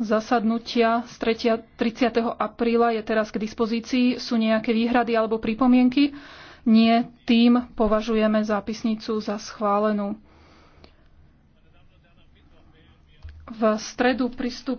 zasadnutia z 30. apríla je teraz k dispozícii. Sú nejaké výhrady alebo pripomienky? Nie, tým považujeme zápisnicu za schválenú. V stredu pristúpi